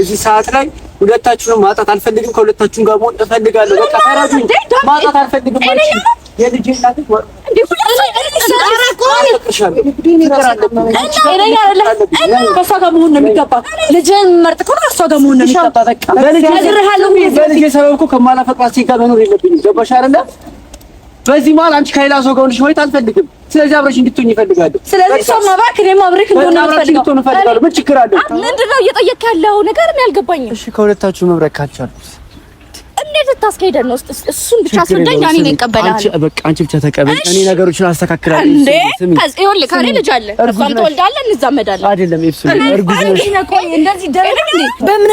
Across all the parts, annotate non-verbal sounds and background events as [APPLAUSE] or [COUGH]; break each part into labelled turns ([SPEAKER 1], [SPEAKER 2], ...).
[SPEAKER 1] በዚህ ሰዓት ላይ ሁለታችሁንም ማጣት አልፈልግም። ከሁለታችሁም ጋር መሆን እፈልጋለሁ።
[SPEAKER 2] በቃ ተረዱኝ። ማጣት አልፈልግም
[SPEAKER 1] ማለት ነው ልጅህን መርጥ ከሆነ
[SPEAKER 2] እሷ ጋር መሆን ነው የሚገባ። በቃ ሰበብ እኮ ከማላፈቅራት ሴት ጋር መኖር የለብኝም።
[SPEAKER 1] ገባሽ አይደለ? በዚህ መሀል አንቺ ከሌላ ሰው ጋር ሆነሽ ማየት አልፈልግም። ስለዚህ አብረሽ እንድትሆኝ ይፈልጋለሁ።
[SPEAKER 2] ስለዚህ ሰው ማባክ ነው አብረሽ
[SPEAKER 1] እንደሆነ እፈልጋለሁ። ምን ችግር አለ?
[SPEAKER 2] ምንድን ነው እየጠየቅ ያለው ነገር ምን ያልገባኝ?
[SPEAKER 1] እሺ ከሁለታችሁ መብረክ ካልቻልኩት
[SPEAKER 2] እንዴት ልታስኬደን ነው? እሱን ብቻ አስረዳኝ። እኔ ነኝ እቀበላለሁ። አንቺ
[SPEAKER 1] በቃ አንቺ ብቻ ተቀበል። እኔ ነገሮችን አስተካክላለሁ።
[SPEAKER 2] እንዴ ከዚህ ይሁን ለካሬ ልጅ አለ እሷም ትወልዳለህ፣ እንዛመዳለን። አይደለም ኤፍሱ እርጉዝ ነሽ። እንደዚህ ደረግ በምን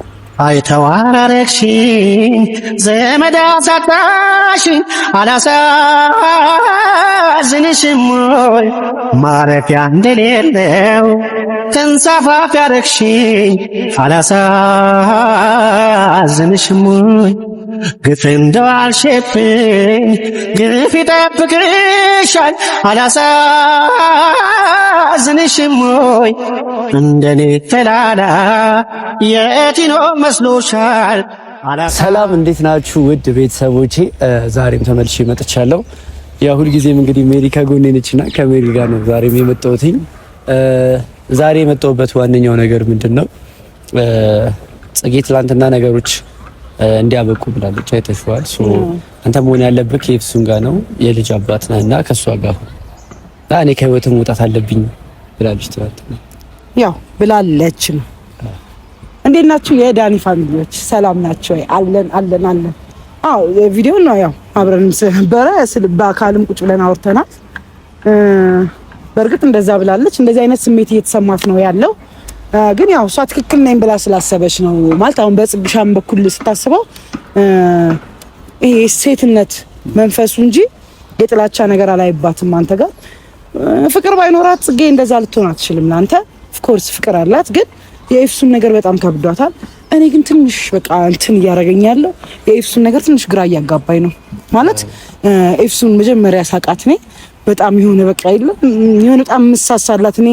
[SPEAKER 1] አይተዋረረግሽኝ ዘመድ አሳጣሽኝ አላሳዝንሽም ወይ ማረፊያ እንደሌለው ተንሳፋፊ አረግሽኝ አላሳዝንሽም ወይ ግፍ እንደዋልሽብኝ ግፍ ይጠብቅሻል። አላሳዝንሽም እንደኔ ተላላ የቲኖ መስሎሻል። ሰላም እንዴት ናችሁ? ውድ ቤተሰቦቼ ዛሬም ተመልሼ መጥቻለሁ። ያው ሁልጊዜም እንግዲህ ሜሪ ከጎኔ ነችና ከሜሪ ጋር ነው ዛሬም የመጣሁትኝ። ዛሬ የመጣሁበት ዋነኛው ነገር ምንድን ነው ጽጌ ትላንትና ነገሮች እንዲያበቁ ብላለች። አይተሽዋል። አንተ መሆን ያለብህ ከኤፍሱን ጋር ነው። የልጅ አባት ነህ እና ከእሷ ጋር እኔ ከህይወት መውጣት አለብኝ ብላለች። ትላንትና
[SPEAKER 2] ያው ብላለች ነው። እንዴት ናችሁ የዳኒ ፋሚሊዎች? ሰላም ናቸው? አለን አለን አለን። አዎ ቪዲዮ ነው ያው አብረንም ስለነበረ በአካልም ቁጭ ብለን አውርተናል። በእርግጥ እንደዛ ብላለች። እንደዚህ አይነት ስሜት እየተሰማት ነው ያለው ግን ያው እሷ ትክክል ነኝ ብላ ስላሰበች ነው ማለት አሁን በጽግሻም በኩል ስታስበው ይሄ ሴትነት መንፈሱ እንጂ የጥላቻ ነገር አላይባትም አንተ ጋር ፍቅር ባይኖራት ጽጌ እንደዛ ልትሆን አትችልም ለአንተ ኦፍኮርስ ፍቅር አላት ግን የኤፍሱን ነገር በጣም ከብዷታል እኔ ግን ትንሽ በቃ እንትን እያደረገኝ ያለው የኤፍሱን ነገር ትንሽ ግራ እያጋባኝ ነው ማለት ኤፍሱን መጀመሪያ ሳቃት እኔ በጣም የሆነ በቃ የለ የሆነ በጣም ምሳሳላት እኔ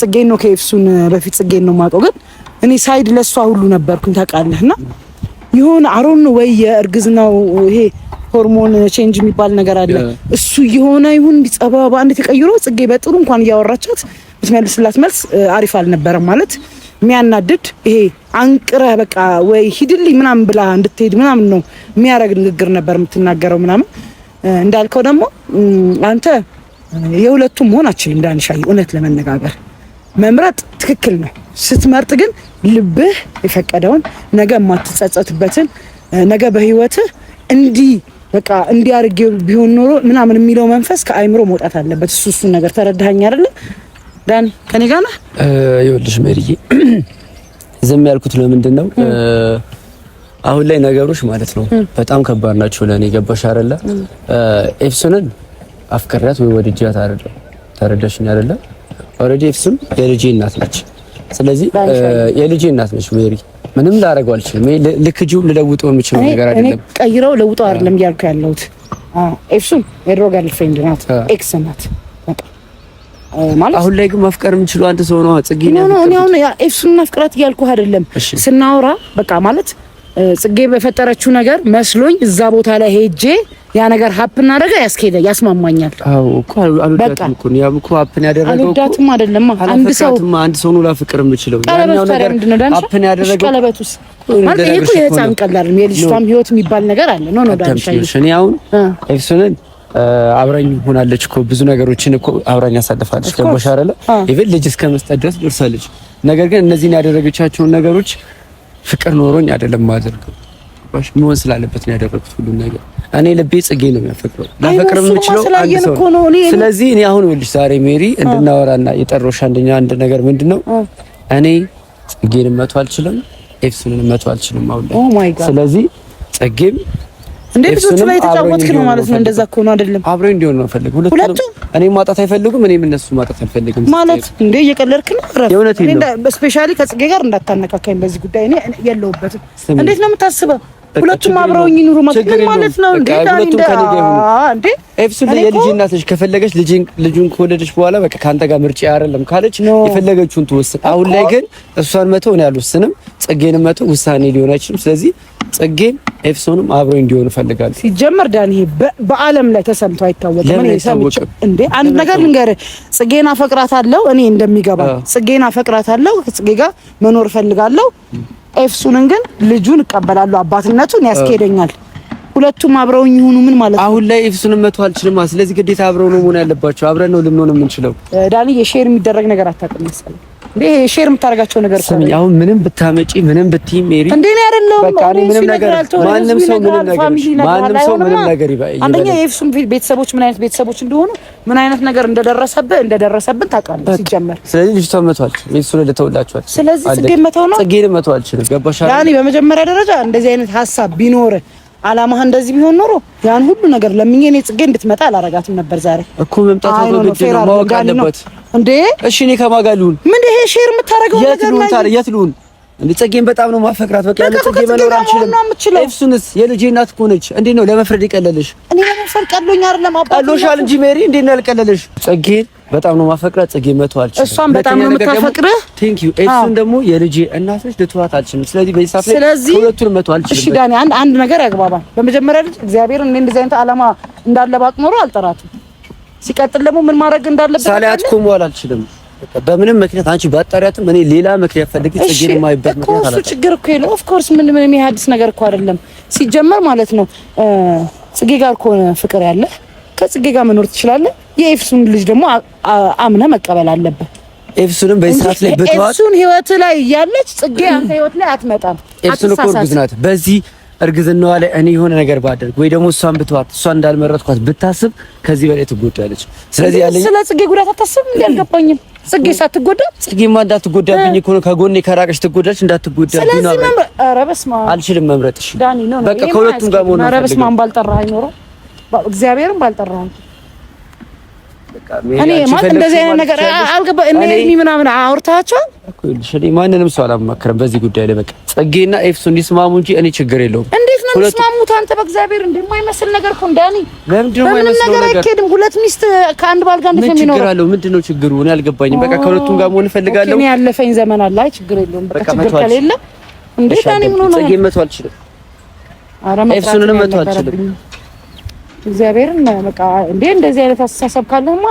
[SPEAKER 2] ጽጌን ነው ከኤፍሱን በፊት ጽጌን ነው የማውቀው፣ ግን እኔ ሳይድ ለሷ ሁሉ ነበርኩኝ ታውቃለህ። እና የሆነ አሮን ነው ወይ የእርግዝናው ይሄ ሆርሞን ቼንጅ የሚባል ነገር አለ። እሱ የሆነ ይሁን ጸባባ አንድ ተቀይሮ ጽጌ በጥሩ እንኳን እያወራቻት ብትመልስላት መልስ አሪፍ አልነበረም ማለት የሚያናድድ ይሄ አንቅረ በቃ ወይ ሂድልኝ ምናምን ብላ እንድትሄድ ምናምን ነው የሚያደርግ ንግግር ነበር የምትናገረው ምናምን። እንዳልከው ደግሞ አንተ የሁለቱም መሆን አችልም ዳንሻ፣ እውነት ለመነጋገር መምረጥ ትክክል ነው። ስትመርጥ ግን ልብህ የፈቀደውን ነገ የማትጸጸትበትን ነገ በህይወትህ እንዲህ በቃ እንዲህ አድርጌ ቢሆን ኖሮ ምናምን የሚለው መንፈስ ከአይምሮ መውጣት አለበት። እሱ እሱን ነገር ተረዳኸኝ አይደለ ዳን ከኔ ጋር ነህ?
[SPEAKER 1] ይኸውልሽ ሜሪዬ ዝም ያልኩት ለምንድን ነው አሁን ላይ ነገሮች ማለት ነው በጣም ከባድ ናቸው ለእኔ። ገባሽ አይደለ? ኤፍሱንን አፍቅሪያት ወይ ወድጃት አይደለ? ተረዳሽኝ አይደለ? ኦልሬዲ ኤፍሱም የልጄ እናት ነች። ስለዚህ የልጄ እናት ነች ሜሪ ምንም ላደርገው አልችልም። ልክጂው ልለውጠው የምችለው
[SPEAKER 2] ነገር አይደለም። ቀይረው ለውጠው አይደለም እያልኩ ያለሁት ኤፍሱም የድሮ ጋርል ናት፣ ኤክስ ናት። አሁን ላይ ግን ማፍቀር የምችለው አንተ ሰው ነው ጽጌ ነው። ነው ነው አሁን ኤፍሱም እናፍቅራት እያልኩ አይደለም ስናወራ በቃ ማለት ጽጌ በፈጠረችው ነገር መስሎኝ እዛ ቦታ ላይ ሄጄ ያ ነገር ሀፕን አደረገ ያስኬደ ያስማማኛል።
[SPEAKER 1] አዎ እኮ አልወዳትም እኮ ያም እኮ ሀፕን ያደረገው እኮ
[SPEAKER 2] አልወዳትም አይደለም።
[SPEAKER 1] አንድ ሰው አንድ ሰው ነው ላፍቅር የምችለው ያኛው ነገር ሀፕን ያደረገው
[SPEAKER 2] ቀለበቱስ ማለት ይሄ እኮ የህፃን ቀላል ነው። የልጅቷም ህይወት የሚባል ነገር አለ። ኖ ኖ ዳንሻይ
[SPEAKER 1] እኔ አሁን ኤፍሶንን አብራኝ ሆናለች እኮ ብዙ ነገሮችን እኮ አብራኝ ያሳልፋለች። ገባሽ አይደለ? ኢቭን ልጅ እስከ መስጠት ድረስ ደርሳለች። ነገር ግን እነዚህን ያደረገቻቸውን ነገሮች ፍቅር ኖሮኝ አይደለም ማደርገው ሽ መሆን ስላለበት ነው ያደረኩት ሁሉ ነገር። እኔ ልቤ ጽጌ ነው የሚያፈቅረው ላፈቅር የምችለው አንድ ሰው ስለዚህ እኔ አሁን ልጅ ዛሬ ሜሪ እንድናወራና የጠሮሽ አንደኛ አንድ ነገር ምንድን ነው እኔ ጽጌን መቶ አልችልም፣ ኤፍሱንን መቶ አልችልም
[SPEAKER 2] አሁን ላይ oh
[SPEAKER 1] ስለዚህ ጽጌም
[SPEAKER 2] እንዴ ልጆቹ ላይ የተጫወትክ ነው ማለት ነው። እንደዛ ከሆነ አይደለም
[SPEAKER 1] አብረው እንዲሆን ነው ፈልግ። ሁለቱ እኔ ማጣት አይፈልጉም፣ እኔም እነሱ ማጣት አልፈልግም
[SPEAKER 2] ማለት እንዴ። እየቀለድክ ነው።
[SPEAKER 1] ነው እንዴ?
[SPEAKER 2] ስፔሻሊ ከጽጌ ጋር እንዳታነካካኝ በዚህ ጉዳይ እኔ የለሁበትም። እንዴት ነው የምታስበው? ሁለቱም አብረውኝ ኑሩ ማለት ነው እንዴ?
[SPEAKER 1] ሁለቱም ከኔ ጋር እንዴ ኤፍሱን የልጅ እናት ነች። ከፈለገች ልጁን ከወለደች በኋላ በቃ ካንተ ጋር ምርጫ አይደለም ካለች የፈለገችውን ትወስን። አሁን ላይ ግን እሷን መተው እኔ አልወስንም፣ ጽጌንም መተው ውሳኔ ሊሆን አይችልም። ስለዚህ ጽጌን ኤፍሶንም አብሮ እንዲሆን እፈልጋለሁ።
[SPEAKER 2] ሲጀመር ዳን ይሄ በዓለም ላይ ተሰምቶ አይታወቅም። እኔ ሰምቼ እንዴ አንድ ነገር ልንገርህ፣ ጽጌና ፈቅራት አለው እኔ እንደሚገባ ጽጌና ፈቅራት አለው ጽጌ ጋር መኖር ፈልጋለሁ። ኤፍሱንን ግን ልጁን እቀበላለሁ፣ አባትነቱን ያስኬደኛል። ሁለቱም አብረውኝ ይሁኑ ምን ማለት
[SPEAKER 1] ነው? አሁን ላይ ኤፍሱንም መተው አልችልም። ስለዚህ ግዴታ አብረው ነው መሆን ያለባቸው። አብረን ነው ልንሆን የምንችለው።
[SPEAKER 2] ዳኒ የሼር የሚደረግ ነገር አታውቅም መሰለኝ እንዴ ሼር የምታደርጋቸው ነገር እኮ
[SPEAKER 1] ነው። አሁን ምንም ብታመጪ ምንም ብትይ ሜሪ
[SPEAKER 2] እንዴ ነው አይደለም።
[SPEAKER 1] በቃ ምንም ነገር ማንም ሰው ምንም ነገር ማንም ሰው ምንም ነገር ይባይ
[SPEAKER 2] አንደኛ የኤፍሱም ቤተሰቦች ምን አይነት ቤተሰቦች እንደሆኑ ምን አይነት ነገር እንደደረሰብህ እንደደረሰብን ታውቃለህ ሲጀመር።
[SPEAKER 1] ስለዚህ ልጅቷ መተዋል ቤተሰብ ለተውላችኋል።
[SPEAKER 2] ስለዚህ ጽጌ መተው ነው
[SPEAKER 1] ጽጌ መተው አልችልም።
[SPEAKER 2] ገባሽ አይደል? ያኔ በመጀመሪያ ደረጃ እንደዚህ አይነት ሀሳብ ቢኖር አላማህ እንደዚህ ቢሆን ኖሮ ያን ሁሉ ነገር ለምኜ እኔ ጽጌ እንድትመጣ አላረጋትም ነበር። ዛሬ
[SPEAKER 1] እኮ መምጣት አድርገህ ነው ማወቅ አለበት እንዴ። እሺ እኔ ከማጋሉን
[SPEAKER 2] ምን ይሄ ሼር የምታረገው
[SPEAKER 1] ነገር ላይ የት የት ልሁን እንዴ? ጽጌን በጣም ነው ማፈቅራት። በቃ ያለ ጽጌ መኖር አልችልም። ኤፍሱንስ የልጄ እናት እኮ ነች። እንዴት ነው ለመፍረድ ይቀለልሽ?
[SPEAKER 2] እኔ ለመፍረድ ቀሎኝ አይደለም
[SPEAKER 1] አባ ቀሎሻል እንጂ ሜሪ እንዴት ነው ያልቀለልሽ ጽጌን በጣም ነው ማፈቅራ ጽጌ መቶ አልችልም።
[SPEAKER 2] እሷን በጣም ነው የምታፈቅርህ።
[SPEAKER 1] ቴንክ ዩ። እሱን ደግሞ የልጅ እናት ነች፣ ልትዋት አልችልም። ስለዚህ በዚህ ሰዓት
[SPEAKER 2] ላይ ሁለቱን መቶ አልችልም። እሺ ዳኒ፣ አንድ አንድ ነገር ያግባባል። በመጀመሪያ ልጅ እግዚአብሔር እኔ እንደዚህ አይነት አላማ እንዳለ ባቅ ኖሮ አልጠራትም። ሲቀጥል ደግሞ ምን ማድረግ እንዳለበት
[SPEAKER 1] ሳላያት እኮ አልችልም። በምንም ምክንያት አንቺ ባጣሪያትም እኔ ሌላ ምክንያት ፈልጌ ጽጌን
[SPEAKER 2] የማይበት ምክንያት እኮ እሱ ችግር እኮ የለው። ኦፍ ኮርስ ምን ምን የሚያድስ ነገር እኮ አይደለም። ሲጀመር ማለት ነው ጽጌ ጋር እኮ ፍቅር ያለህ ከጽጌ ጋር መኖር ትችላለህ። የኤፍሱን ልጅ ደግሞ አምነህ መቀበል አለብህ።
[SPEAKER 1] ኤፍሱንም በዚህ ሰዓት ላይ
[SPEAKER 2] በተዋት ኤፍሱን ህይወት ላይ ያለች ጽጌ አንተ ህይወት ላይ አትመጣም።
[SPEAKER 1] ኤፍሱን እኮ እርጉዝ ናት። በዚህ እርግዝናዋ ላይ እኔ የሆነ ነገር ባደርግ ወይ ደግሞ እሷን ብትዋት እሷን እንዳልመረጥኳት ብታስብ ከዚህ በላይ ትጎዳለች። ስለዚህ ያለኝ
[SPEAKER 2] ስለ ጽጌ ጉዳት አታስብም። እንዲያልገባኝም ጽጌ ሳትጎዳ
[SPEAKER 1] ጽጌማ እንዳትጎዳብኝ እኮ ነው። ከጎኔ ከራቀሽ ትጎዳለች። እንዳትጎዳ ስለዚህ አልችልም መምረጥሽ ዳኒ ነው። በቃ ከሁለቱም
[SPEAKER 2] ጋር መሆን ነው። ኧረ በስመ አብ ባልጠራህ አይኖረው እግዚአብሔርም ባልጠራሁም
[SPEAKER 1] ማንንም ሰው በዚህ ጉዳይ ላይ በቃ ጽጌና ኤፍሱ እንዲስማሙ እንጂ እኔ ችግር የለውም።
[SPEAKER 2] እንዴት ነው የሚስማሙት? አንተ በእግዚአብሔር እንደማይመስል ነገር እኮ እንዳኒ በምንም ነገር አይኬድም። ሁለት ሚስት ከአንድ ባል ጋር
[SPEAKER 1] የሚኖር ችግር አለው። ምንድን ነው ችግሩ? እኔ አልገባኝም። በቃ ከሁለቱም ጋር መሆን እፈልጋለሁ።
[SPEAKER 2] እኔ ያለፈኝ ዘመን አለ። አይ ችግር የለውም። በቃ ችግር ከሌለ
[SPEAKER 1] እንዴት ዳኒ ምን ሆነ? ጽጌ አልችልም። አልችልም።
[SPEAKER 2] እግዚአብሔርን በቃ እንዴ እንደዚህ አይነት አስተሳሰብ ካለማ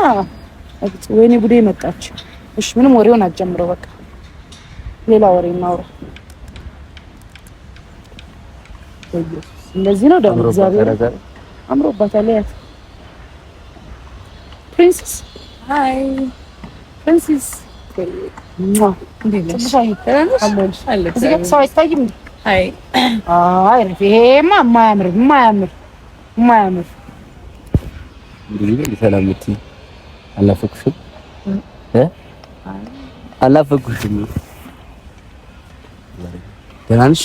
[SPEAKER 2] ወይኔ ጉዴ መጣች። እሺ ምንም ወሬውን አትጀምረው፣ በቃ ሌላ ወሬ እናውራ። እንደዚህ ነው
[SPEAKER 1] ደግሞ እግዚአብሔር አምሮባታል። ያት
[SPEAKER 2] ፕሪንስስ ሃይ ፕሪንስስ ሰው አይታይም። አይ ይሄማ የማያምር የማያምር የማያምር
[SPEAKER 1] ሰላምቲ አላፈቅሽም አላፈቅሽም። ደህና ነሽ?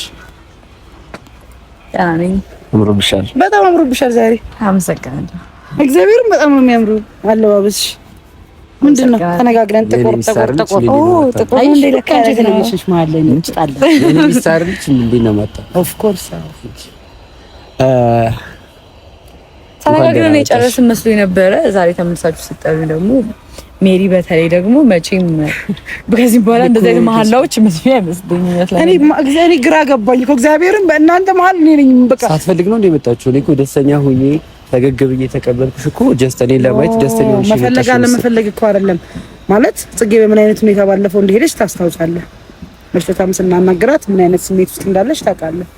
[SPEAKER 1] ደህና ነኝ። አምሮብሻል፣
[SPEAKER 2] በጣም አምሮብሻል ዛሬ። አመሰግናለሁ። እግዚአብሔርን በጣም ነው የሚያምሩ አለባበስሽ። ምንድን ነው ተነጋግረን
[SPEAKER 1] ጥቁር ጥቁር ጥቁር ኦ
[SPEAKER 2] ጥቁር እንደ ለካ ትነሽሽ ማለት ነው
[SPEAKER 1] እንጭጣለን። እኔ ሚሳርልሽ ምንድን ነው መጣ
[SPEAKER 2] ኦፍ ኮርስ ተነጋግረን የጨረስን መስሎኝ ነበረ። ዛሬ ተመልሳችሁ ስጠሩ ደግሞ ሜሪ በተለይ ደግሞ መቼም [LAUGHS] ከዚህ በኋላ እንደዚህ አይነት መሀላዎች መስሚያ አይመስልኝ። እኔ ግራ ገባኝ እኮ እግዚአብሔርን በእናንተ መሀል እኔ ነኝ።
[SPEAKER 1] በቃ ሳትፈልግ ነው እንደመጣችሁ የመጣችሁ። እኔ እኮ ደስተኛ ሁኜ ፈገግ ብዬ ተቀበልኩሽ እኮ ጀስት እኔን ለማየት ደስተኛ ሆንሽ።
[SPEAKER 2] መፈለግ አለመፈለግ እኮ አይደለም ማለት ጽጌ በምን አይነት ሁኔታ ባለፈው እንደሄደች ታስታውሳለህ። መሽተታም ስናናግራት ምን አይነት ስሜት ውስጥ እንዳለች ታውቃለህ።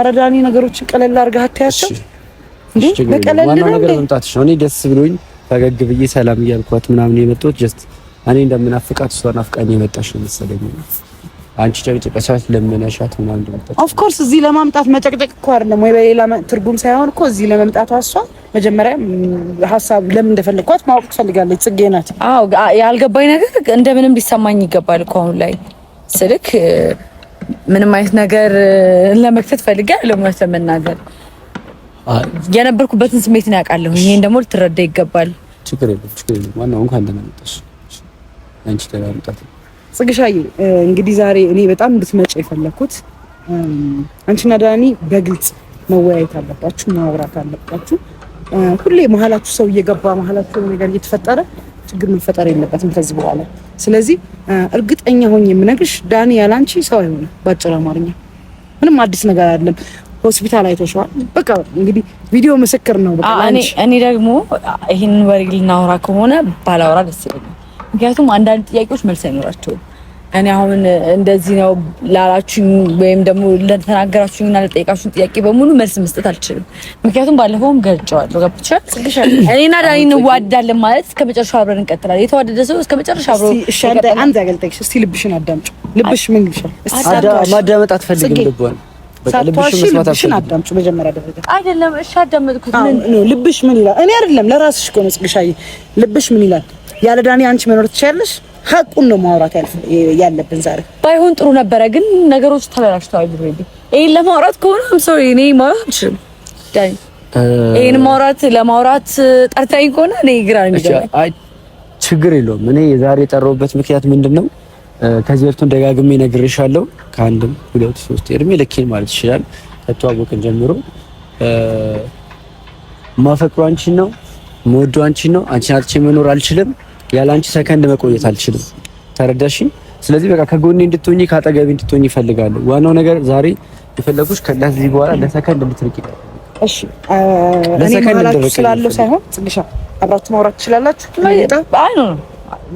[SPEAKER 2] አረ ዳኒ ነገሮችን ቀለል አድርገህ አታያቸው
[SPEAKER 1] መምጣትሽ ነው። እኔ ደስ ብሎኝ ፈገግ ብዬ ሰላም እያልኳት ምናምን የመጣሁት ጀስት እኔ እንደምናፍቃት እሷ ናፍቃኝ የመጣሽ ነው መሰለኝ። አንቺ ጨቅጨቀሻት፣ ለመነሻት
[SPEAKER 2] ምናምን እንደመጣች ኦፍ ኮርስ እዚህ ለማምጣት መጨቅጨቅ እኮ አይደለም ወይ በሌላ ትርጉም ሳይሆን እኮ እዚህ ለመምጣቷ እሷ መጀመሪያ ሀሳብ ለምን እንደፈለግኳት ማወቅ ትፈልጋለች። ጽጌ ናት። አዎ ያልገባኝ ነገር እንደምንም ሊሰማኝ ይገባል እኮ አሁን ላይ ስልክ ምንም አይነት ነገር ለመክተት ፈልጌ ለመናገር የነበርኩበትን ስሜት ነው ያውቃለሁ። ይሄን ደግሞ ልትረዳ ይገባል።
[SPEAKER 1] ችግር የለም፣ ችግር የለም። ዋናው እንኳን ተመጣጣሽ አንቺ ተመጣጣሽ።
[SPEAKER 2] ጽግሻዬ እንግዲህ ዛሬ እኔ በጣም እንድትመጪ የፈለኩት አንቺና ዳኒ በግልጽ መወያየት አለባችሁ፣ ማብራት አለባችሁ። ሁሌ መሀላችሁ ሰው እየገባ መሀላችሁ ነገር እየተፈጠረ ችግር መፈጠር የለበትም ከዚህ በኋላ። ስለዚህ እርግጠኛ ሆኜ የምነግርሽ ዳኒ ያላንቺ ሰው አይሆንም። ባጭር አማርኛ ምንም አዲስ ነገር አይደለም። ሆስፒታል አይተሽዋል። በቃ እንግዲህ ቪዲዮ ምስክር ነው። እኔ ደግሞ ይህን ወሬ ልናወራ ከሆነ ባላወራ ደስ ይለኛል። ምክንያቱም አንዳንድ ጥያቄዎች መልስ አይኖራቸውም። እኔ አሁን እንደዚህ ነው ላላችሁኝ ወይም ደግሞ ለተናገራችሁኝ እና ለጠየቃችሁኝ ጥያቄ በሙሉ መልስ መስጠት አልችልም። ምክንያቱም ባለፈውም ገልጨዋለሁ። ገብቶሻል? እኔና ዳኒ እንዋዳለን ማለት እስከ መጨረሻ አብረን እንቀጥላለን። የተዋደደ ሰው እስከ መጨረሻ አብሮ አንድ ያገልጠቅሽ። እስቲ ልብሽን አዳምጪው። ልብሽ ምን ይልሻል?
[SPEAKER 1] ማዳመጥ አትፈልግም ልቧን ልብሽን
[SPEAKER 2] አዳምጪ መጀመሪያ ደረጃ አይደለም። እሺ አዳመጥኩት። ልብሽ ምን ይላል? እኔ አይደለም ለራስሽ እኮ ነው ልብሽ ምን ይላል? ያለ ዳኒ አንቺ መኖር ትችያለሽ። ሀቁን ነው ማውራት ያለብን ዛሬ። ባይሆን ጥሩ ነበረ፣ ግን ነገሮች ተበላሽተዋል። ኦልሬዲ ይሄን ለማውራት ከሆነ ሰው እኔ ማውራት አልችልም። ዳኒ ይሄን ማውራት ለማውራት ጠርታኝ ከሆነ እኔ ግራ
[SPEAKER 1] ችግር የለውም። እኔ ዛሬ የጠራሁበት ምክንያት ምንድን ነው ከዚህ በፊቱን ደጋግሜ ነግሬሻለሁ። ከአንድም ሁለት ሶስት እድሜ ልኬን ማለት ይችላል ከተዋወቅን ጀምሮ ማፈቅሩ አንቺን ነው መወዱ አንቺን ነው። አንቺን አጥቼ መኖር አልችልም። ያለ አንቺ ሰከንድ መቆየት አልችልም። ተረዳሽኝ? ስለዚህ በቃ ከጎኔ እንድትሆኝ ከአጠገቤ እንድትሆኝ ይፈልጋሉ። ዋናው ነገር ዛሬ የፈለጉሽ ከዚህ በኋላ ለሰከንድ እንድትርቂ
[SPEAKER 2] እሺ እኔ ማላችሁ ስላለው ሳይሆን ጽግሻ አብራችሁ ማውራት ትችላላችሁ። አይ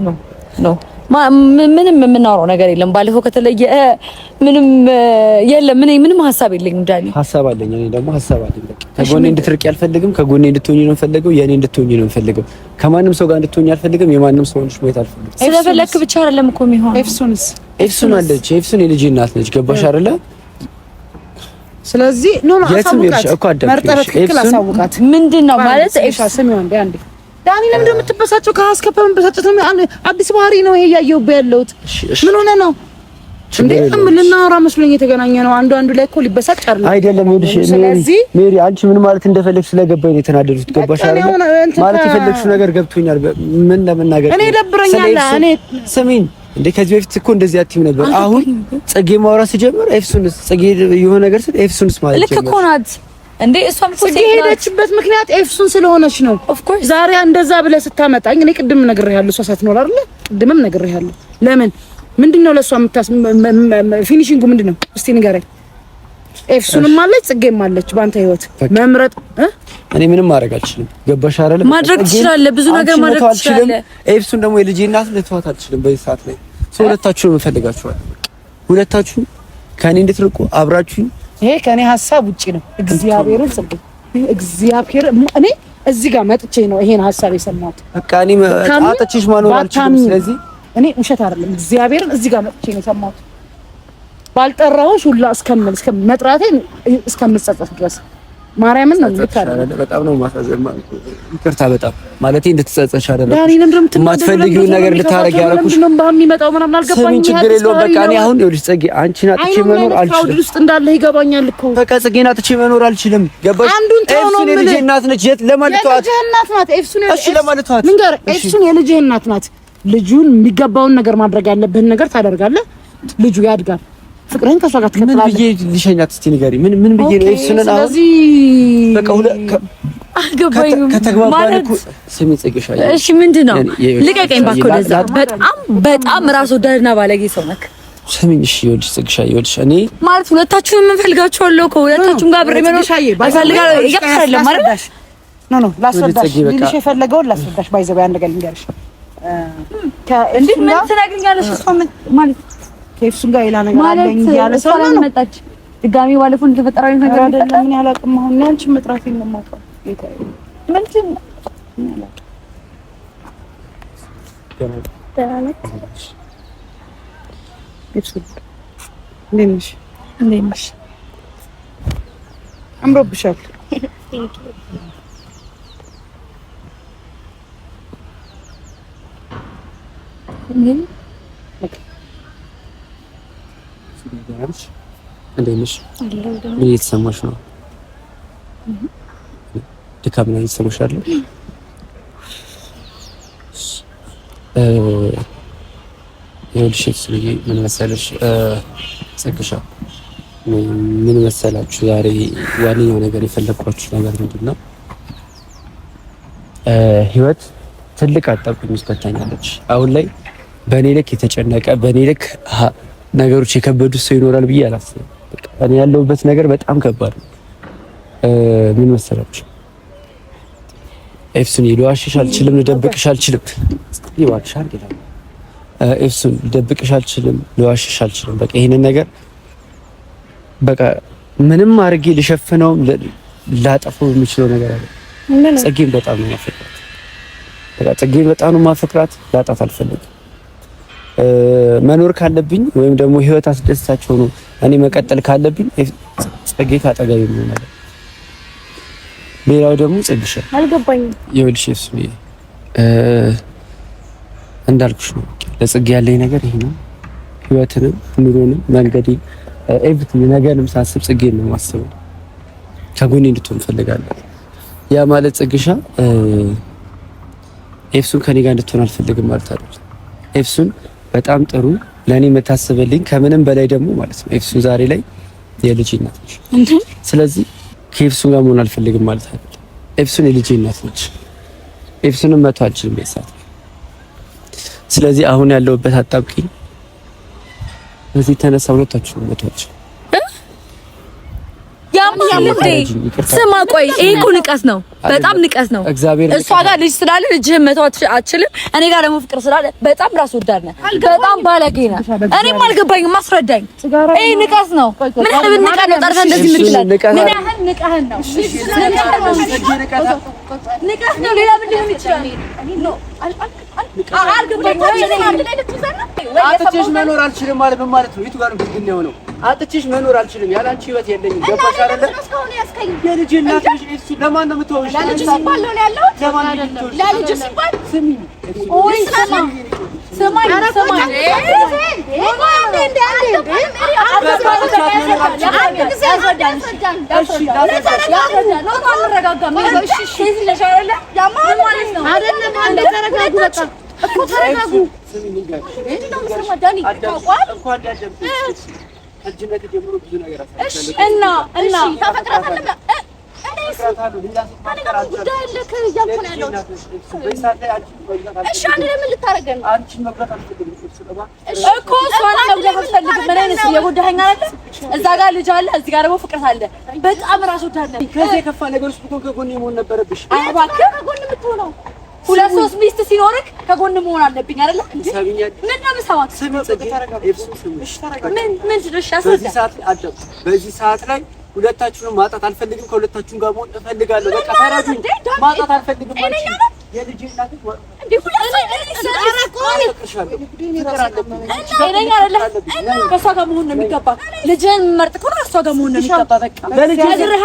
[SPEAKER 2] ነው ነው ምንም የምናወራው ነገር የለም። ባለፈው ከተለየ ምንም የለም። እኔ ምንም ሀሳብ የለኝም። ዳኒ
[SPEAKER 1] ሀሳብ አለኝ። እኔ ደግሞ ሀሳብ አለኝ። በቃ ከጎኔ እንድትርቂ አልፈልግም። ከጎኔ እንድትሆኝ ነው የምፈልገው። የእኔ እንድትሆኝ ነው የምፈልገው። ከማንም ሰው ጋር እንድትሆኝ አልፈልግም። የማንም ሰው ልጅ ማየት አልፈልግም።
[SPEAKER 2] ስለፈለክ ብቻ አይደለም እኮ የሚሆነው። ኤፍሱንስ
[SPEAKER 1] ኤፍሱን አለች። ኤፍሱን የልጅ እናት ነች። ገባሽ አይደለ?
[SPEAKER 2] ስለዚህ ኖ ኖ
[SPEAKER 1] አሳውቃት፣
[SPEAKER 2] መርጠህ በትክክል አሳውቃት። ምንድን ነው ማለት ኤፍሱን ዳኒ ለምንድን ነው የምትበሳጨው? ከሀስ ከፈ መበሳጨት ነው። አዲስ ባህሪ ነው ይሄ እያየሁበት ያለሁት። ምን ሆነ ነው እንዴ? ልናወራ መስሎኝ የተገናኘ ነው። አንዱ አንዱ ላይ እኮ ሊበሳጭ
[SPEAKER 1] አይደለም አይደለም። ይኸውልሽ ሜሪ፣ አንቺ ምን ማለት እንደፈለግሽ ስለገባኝ ነው የተናደዱት። ገባሽ አይደል? ማለት የፈለግሽው ነገር ገብቶኛል። ምን ለመናገር እኔ
[SPEAKER 2] ደብረኛል። እኔ
[SPEAKER 1] ስሚኝ እንዴ ከዚህ በፊት እኮ እንደዚህ አትይም ነበር። አሁን ጸጌ ማውራት ሲጀምር ኤፍሱንስ ጸጌ የሆነ ነገር ስለ ኤፍሱንስ
[SPEAKER 2] ማለት ነው ልክ እኮ ናት እንዴ እሷም እኮ ሄደችበት ምክንያት ኤፍሱን ስለሆነች ነው። ኦፍ ኮርስ ዛሬ እንደዛ ብለህ ስታመጣኝ እኔ ቅድም ነግሬሃለሁ፣ እሷ ሳትኖር አይደለ? ቅድምም ነግሬሃለሁ። ለምን ምንድነው ለእሷ የምታስ ፊኒሺንጉ ምንድነው? እስቲ ንገረኝ። ኤፍሱንም አለች ጽጌም አለች። በአንተ ህይወት መምረጥ
[SPEAKER 1] እኔ ምንም ማድረግ አልችልም። ገባሽ አይደለ?
[SPEAKER 2] ማድረግ ትችላለህ፣ ብዙ ነገር
[SPEAKER 1] ማድረግ ትችላለህ። ኤፍሱን ደግሞ የልጄ እናት ልትዋት አልችልም በዚህ ሰዓት ላይ። ሁለታችሁንም እፈልጋችኋለሁ። ሁለታችሁ ከእኔ እንድትርቁ አብራችሁኝ
[SPEAKER 2] ይሄ ከእኔ ሀሳብ ውጭ ነው። እግዚአብሔርን ጽ እግዚአብሔር እኔ እዚህ ጋር መጥቼ ነው ይሄን ሀሳብ የሰማሁት።
[SPEAKER 1] በቃ እኔ አጥቼሽ ማኖር አልችልም። ስለዚህ
[SPEAKER 2] እኔ ውሸት አይደለም እግዚአብሔርን እዚህ ጋር መጥቼ ነው የሰማሁት። ባልጠራሁሽ ሁላ እስከምል እስከመጥራቴ እስከምጸጸት ድረስ ማርያምን ነው
[SPEAKER 1] ልታደርግ። በጣም ነው ማሳዘን። ይቅርታ በጣም ማለቴ እንድትጸጸሽ አይደለም። ነገር የሚመጣው አልገባኝም። ችግር የለውም በቃ እኔ አሁን ይኸውልሽ፣ ጽጌ አንቺን አጥቼ መኖር አልችልም
[SPEAKER 2] ውስጥ እንዳለ ይገባኛል እኮ
[SPEAKER 1] በቃ ጽጌን አጥቼ መኖር አልችልም። ገባሽ? አንዱን ተው ነው እናት ነች። የት ኤፍሱን
[SPEAKER 2] እናት ናት። ልጁን የሚገባውን ነገር ማድረግ ያለብህን ነገር ታደርጋለህ። ልጁ ያድጋል። ፍቅርህን ከሷ ጋር
[SPEAKER 1] ትከተላለህ። ምን ብዬ ልሸኛት? እስቲ ንገሪኝ። ምን ምን ብዬ ነው እሱን? በቃ ሁለ
[SPEAKER 2] እሺ፣ ምንድን ነው ልቀቀኝ በጣም በጣም ራስ ወዳድና ባለጌ ሰው ነክ።
[SPEAKER 1] እሺ፣ ይኸውልሽ ይኸውልሽ እኔ
[SPEAKER 2] ማለት እኮ ሁለታችሁም ጋር ብሬ መኖር ከእሱም ጋር ሌላ ነገር አለኝ እያለ ሰው ነው መጣች። ድጋሚ ባለፈው እንደተፈጠረው ነገር አይደለም። ምን ያላቅም አሁን ነው አንቺ መጥራት የማውቀው ምንድን ነው አምሮብሻል።
[SPEAKER 1] እንዴት ነሽ? ምን እየተሰማሽ ነው? ድካም ምናምን እየተሰማሽ አለ? ይኸውልሽ ስልዬ ምን መሰለሽ፣ ጽግሻ ምን መሰላችሁ፣ ዛሬ ዋነኛው ነገር የፈለግኳችሁ ነገር ምንድን ነው፣ ህይወት ትልቅ አጣብቂኝ ውስጥ ከታኛለች። አሁን ላይ በእኔ ልክ የተጨነቀ በእኔ ልክ ነገሮች የከበዱት ሰው ይኖራል ብዬ አላስብም። እኔ ያለሁበት ነገር በጣም ከባድ ነው። ምን መሰላችሁ ኤፍሱን ልዋሽሽ አልችልም፣ ልደብቅሽ አልችልም። ኤፍሱን ልደብቅሽ አልችልም፣ ልዋሽሽ አልችልም። በቃ ይሄንን ነገር በቃ ምንም አድርጌ ልሸፍነውም ላጠፈው የሚችለው ነገር አለ። ጽጌም በጣም ነው ማፈቅራት፣ በቃ ጽጌም በጣም ነው ማፈቅራት። ላጣት አልፈልግም። መኖር ካለብኝ ወይም ደግሞ ህይወት አስደሳች ሆኖ እኔ መቀጠል ካለብኝ ጽጌ ካጠገብ የሚሆናል። ሌላው ደግሞ ጽግሽ አልገባኝም። ይኸውልሽ እሱ እንዳልኩሽ ነው። ለጽጌ ያለኝ ነገር ይሄ ነው። ህይወትንም ኑሮንም መንገዴ ኤቭሪቲንግ ነገርንም ሳስብ ጽጌ ነው የማስበው። ከጎኔ እንድትሆን እፈልጋለሁ። ያ ማለት ጽግሻ ኤፍሱን ከኔ ጋር እንድትሆን አልፈልግም ማለት አይደለም። ኤፍሱን በጣም ጥሩ ለእኔ የምታስብልኝ ከምንም በላይ ደግሞ ማለት ነው ኤፍሱ ዛሬ ላይ የልጅ እናት ነች። ስለዚህ ከኤፍሱ ጋር መሆን አልፈልግም ማለት አይደለም። ኤፍሱን የልጅ እናት ነች። ኤፍሱንም መቶ አልችልም ቤተሰብ። ስለዚህ አሁን ያለውበት አጣብቂኝ በዚህ የተነሳ ሁለታችሁን መቶ አልችልም
[SPEAKER 2] ስማ ቆይ፣ ይሄ እኮ ንቀስ ነው፣ በጣም ንቀስ ነው። እሷ ጋር ልጅ ስላለ ልጅህን መተው አትችልም። እኔ ጋር ደግሞ ፍቅር ስላለ በጣም ራስ ወዳድ ነህ፣ በጣም ባለጌ ነህ። እኔም አልገባኝም፣ አስረዳኝ። ይሄ ንቀስ ነው። ምን ያህል ንቀህ ነው ጠርተህ እንደዚህ የምትለን? ምን ያህል ንቀህ ነው? ንቀህ ነው። ሌላ ምንድን ነው የሚችለው?
[SPEAKER 1] አጥቼሽ መኖር አልችልም ማለት ምን ማለት ነው? የቱ ጋር ግድግና የሆነው? አጥቼሽ መኖር አልችልም ያለ አንቺ ህይወት የለኝም። ገባሽ አይደለ? የልጅ እናት ለማን ነው የምትሆንሽ?
[SPEAKER 2] ለልጅ ሲባል ነው ያለሁት። ለልጅ ሲባል ስሚ ስማኝ ተረጋጉ። እና እና ታፈቅራታለህ? ጉዳይ አለህ እያልኩ እኮ? እሷን እዛ ጋር ልጅ አለ፣ እዚህ ጋር ደግሞ ፍቅረት አለ። በጣም እራስ ወዳድ ነህ።
[SPEAKER 1] ከዚህ የከፋ ነገር ውስጥ ከጎኔ መሆን ነበረብሽ።
[SPEAKER 2] እባክህ ከጎን የምትሆነው ሁለት ሶስት ሚስት ሲኖርክ ከጎን መሆን አለብኝ አይደለ?
[SPEAKER 1] በዚህ ሰዓት ላይ ሁለታችሁንም ማጣት አልፈልግም። ከሁለታችሁም ጋር መሆን እፈልጋለሁ። በቃ ማጣት አልፈልግም
[SPEAKER 2] ከእሷ ጋር መሆን ነው የሚገባ። ልጅህን መርጥ እኮ ነው። ጋር መሆን ነው
[SPEAKER 1] የሚገባ።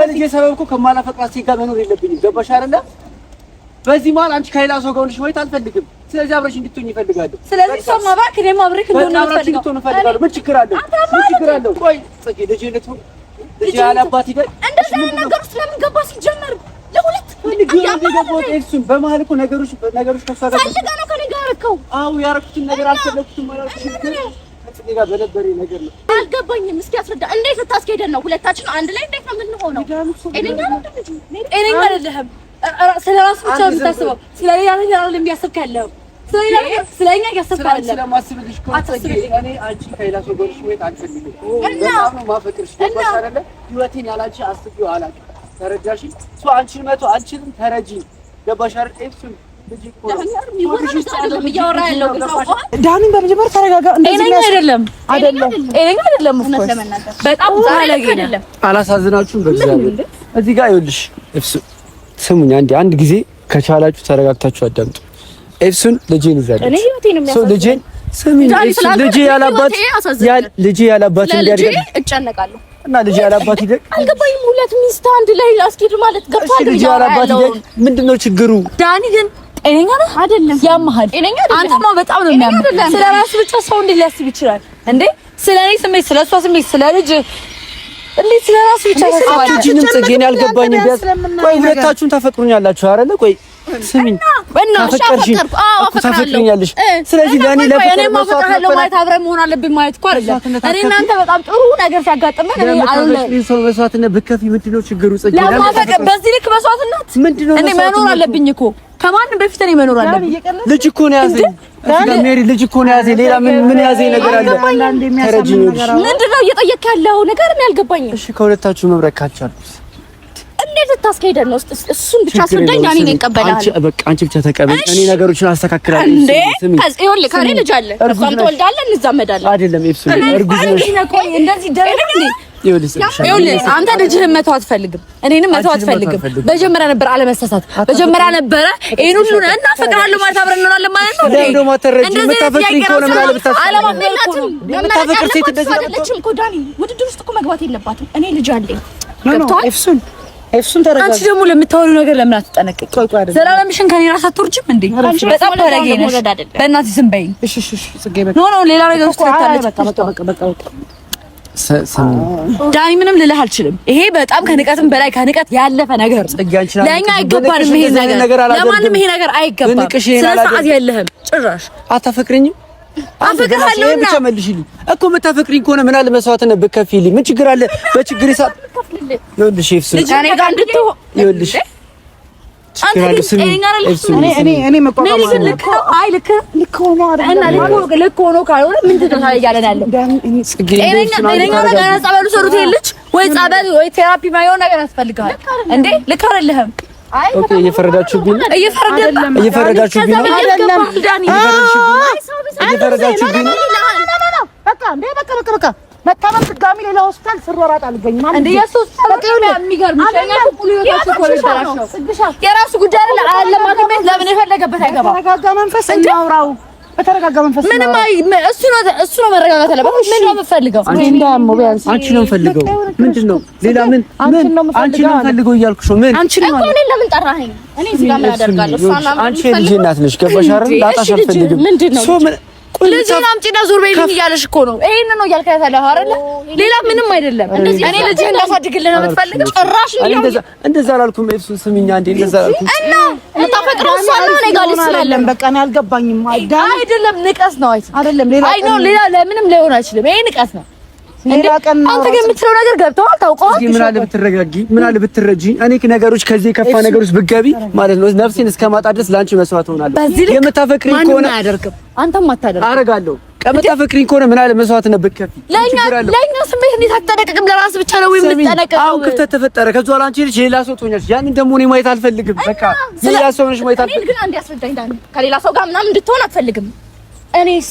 [SPEAKER 1] በልጄ ሰበብ እኮ ከማላፈቅራት ሴት ጋር መኖር የለብኝም። ገባሽ በዚህ መሀል አንቺ ከሌላ ሰው ጋር ሆነሽ ማየት አልፈልግም። ስለዚህ አብረሽ እንድትሆኝ ይፈልጋለሁ። ስለዚህ ሰማ ባክ፣ እኔም እንደሆነ አብረሽ ምን ችግር አለው? ምን ችግር አለው? ቆይ ጽጌ፣ ልጅ ልጅ ያለ ይደል እንደዛ አይነት ነገር ውስጥ ለምን ገባ? ሲጀመር ለሁለት በመሀል እኮ ነገሮች ነገሮች ተሰራ ፈልገህ ከኔ ጋር ነገር አልፈለኩትም ማለት ነው። ጋር ነገር ነው። አልገባኝም። እስኪ አስረዳ። እንዴት ልታስኬደን ነው? ሁለታችን አንድ ላይ እንዴት ነው የምንሆነው? ስለ ራስ ብቻ ነው የምታስበው። ስለሌላ ነገር አይደለም እያሰብክ ያለው። ስለኛ አይደለም። በመጀመሪያ ተረጋጋ። ጤነኛ አይደለም፣ ጤነኛ አይደለም። በጣም አላሳዝናችሁም። በእግዚአብሔር ጋር ይኸውልሽ ስሙኝ አንዴ፣ አንድ ጊዜ ከቻላችሁ ተረጋግታችሁ አዳምጡ። ኤፍሱን ልጄን ይዛለች። ልጄን ስሚኝ፣ ልጄ ያላባት ልጄ ያላባት እንዲያድግ እጨነቃለሁ እና ልጄ ያላባት ይደግ አልገባኝም። ሁለት ሚስት አንድ ላይ አስኬድ ማለት አይደል? ልጄ ያላባት ይደግ ምንድነው ችግሩ? ዳኒ ግን ጤነኛ ነህ አይደለም? ያመሃል። ጤነኛ አይደለም። በጣም ነው የሚያምር። ስለ ራስ ብቻ ሰው እንዴት ሊያስብ ይችላል እንዴ? ስለ እኔ ስሜት፣ ስለ እሷ ስሜት፣ ስለ ልጅ እንዴት ስለራሱ ብቻ ታስባለህ? ጂንም ጽጌን ያልገባኝ ቢያዝ ቆይ ሁለታችሁም ታፈቅሩኛላችሁ አይደለ? ቆይ ስሚኝ፣ ታፈቅርሽኝ ታፈቅሩኛለሽ። ስለዚህ ለኔ ለፍቅር ማፈቅራለሁ ማለት አብረን መሆን አለብኝ ማለት እኮ አይደለም። እኔ እናንተ በጣም ጥሩ ነገር ሲያጋጥመን እኔ አሁን ሰው መስዋዕትነት ብከፊ ምንድነው ችግሩ? ጽጌ ለማፈቅር በዚህ ልክ መስዋዕትነት ምንድነው? እኔ መኖር አለብኝ እኮ ከማንም በፊት እኔ መኖር አለብኝ። ልጅ እኮ ነው ያዘኝ፣ ልጅ እኮ ነው ያዘኝ። ሌላ ምን ምን ያዘኝ ነገር አለ? ምንድን ነው እየጠየቅ ያለው ነገር እኔ አልገባኝም። እሺ ከሁለታችሁ መብረቅ ካልቻልኩት እንዴት ልታስኬደን ነው? እሱን ብቻ አስረዳኝ። እኔ ነኝ በቃ አንቺ ብቻ እኔ ነገሮችን አስተካክላለሁ። እንዴ ከዚህ ልጅ አለ፣ እሷም ትወልዳለህ፣ እንዛመዳለን። አይደለም ኤፕሶ እርጉዝ ነሽ እንደዚህ ደረግ አንተ ልጅህን መተው አትፈልግም፣ እኔንም መተው አትፈልግም። በጀመሪያ ነበር አለመሳሳት፣ በጀመሪያ ነበረ ይሄን ሁሉ እናፈቅራለሁ ማለት አብረን እንሆናለን ማለት ነው። ውድድር ውስጥ እኮ መግባት የለባትም። እኔ ልጅ አለኝ። ገብቶሃል? ኤፍሱን ተረጋጋ። አንቺ ደግሞ ለምታወሉ ነገር ለምን አትጠነቀቂ? ዘላለምሽን ከኔ ራስ አትወርጅም እንዴ? በጣም ተረጋጊ ነሽ። በእናትሽ ዝም በይኝ። እሺ፣ እሺ፣ እሺ። ጽጌ በቃ ኖ ኖ፣ ሌላ ነገር ውስጥ ትታለች። በቃ በቃ በቃ ዳኒ ምንም ልልህ አልችልም። ይሄ በጣም ከንቀትም በላይ ከንቀት ያለፈ ነገር ለእኛ አይገባንም። ይሄ ነገር ለማንም ይሄ ነገር አይገባም። ስለ ሰዓት የለህም። ጭራሽ አታፈቅረኝም። አፈቅርሃለሁ ብቻ መልሽልኝ እኮ የምታፈቅሪኝ ከሆነ ምን አለ መስዋዕትነት ብትከፍይልኝ ምን ችግር አለ? በችግር ሰዓት ይኸውልሽ ልክ ሆኖ ካልሆነ ምንድን ነው እያለን ያለው? ጤነኛ ነገር ጸበሉ ሰሩት የለች ወይ ጸበል ወይ ቴራፒ ማየው ነገር ያስፈልግሃል እንዴ? ልክ አይደለህም። እየፈረዳችሁብኝ ነው። እየፈረዳችሁብኝ ነው። እየፈረዳችሁብኝ ነው። በቃ በቃ በቃ መታመም ድጋሚ ሌላ ሆስፒታል ስሯሯጥ አልገኝም። የራሱ ጉዳይ ለምን የፈለገበት በተረጋጋ መንፈስ በተረጋጋ መንፈስ ምንም እሱ ነው እሱ ነው መረጋጋት አለበት። ምን ነው የምፈልገው? አንቺ ነው የምፈልገው። ምንድን ነው ሌላ ምን? አንቺ ነው የምፈልገው እያልኩሽ ነው። ምን አንቺ ነው እኮ ለምን ጠራኸኝ? እኔ እዚህ ጋር ምን አደርጋለሁ? አንቺ ልጅ እናት ነሽ። ገባሽ አይደል? ላጣሽ አልፈልግም። ምንድን ነው ልጅህን አምጪና ዞር በይልኝ እያለሽ እኮ ነው። ይሄንን ነው እያልክ ያለው አይደለ? ሌላ ምንም አይደለም። እኔ ልጅህ እንዳሳድግልህ ነው የምትፈልገው? ጭራሽ እንደዛ አላልኩም። ኤፍሱን ስሚኝ አንዴ፣ እንደዛ አላልኩም እና የምታፈቅረው እሷ ነው። እኔ ጋር ልጅ ስላለም በቃ እኔ አልገባኝም። አይደለም ንቀት ነው አይደለም። ሌላ አይ ነው ሌላ ለምንም ሊሆን አይችልም። ይሄ ንቀት ነው አንተ ግን የምትለው ነገር ገብተዋል ታውቀዋል። ምን አለ ብትረጋጊ፣ ምን አለ ብትረጂ። እኔ ነገሮች ከዚህ የከፋ ነገሮች ብገቢ ማለት ነው ነፍሴን እስከ ማጣ ድረስ ለአንቺ መስዋዕት ሆናለሁ። የምታፈቅሪኝ ከሆነ አያደርግም፣ አንተም አታደርግም፣ አደርጋለሁ። ከምታፈቅሪኝ ከሆነ ምን አለ መስዋዕት ነብክ ከፊ ለኛ ለኛ ስሜት እንዴት አትጠነቀቅም? ለራስ ብቻ ነው ወይም የምትጠነቀቀው? አሁን ክፍተት ተፈጠረ። ከዛ በኋላ አንቺ ልጅ ሌላ ሰው ትሆኛለሽ። ያንን ደግሞ እኔ ማየት አልፈልግም። በቃ ሌላ ሰው ነሽ ማየት አልፈልግም። ግን አንዴ አስረዳኝ ዳኒ፣ ከሌላ ሰው ጋር ምናምን እንድትሆን አትፈልግም። እኔስ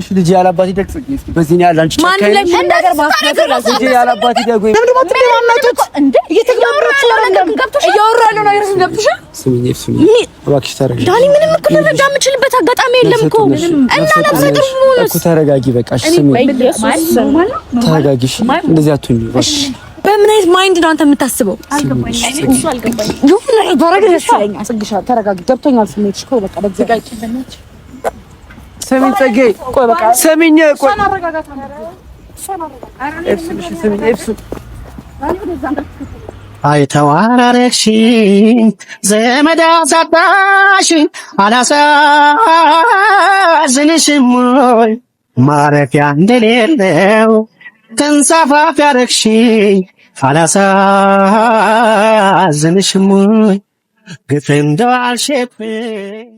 [SPEAKER 1] እሺ ልጅ ያላባት ይደግ በዚህ ነው ያላንቺ ጨካኝ ልጅ ነገር ማስተካከል ልጅ ነው ማመጡት እንዴ እየተግባባች ነው ነው ይርስ ገብቶሽ ስሚኝ ስሚኝ እባክሽ ታረጋጊ ዳኒ እኮ ልረዳ የምችልበት ስሚኝ ፅጌ፣ ቆይ በቃ ስሚኝ፣ ቆይ አይ ዘመድ አሳጣሽኝ፣ አላሳዝንሽም ወይ ማረፊያ እንደሌለው ተንሳፋፊ አደረግሽኝ፣ አላሳዝንሽም ወይ ግፍ እንደዋልሽብኝ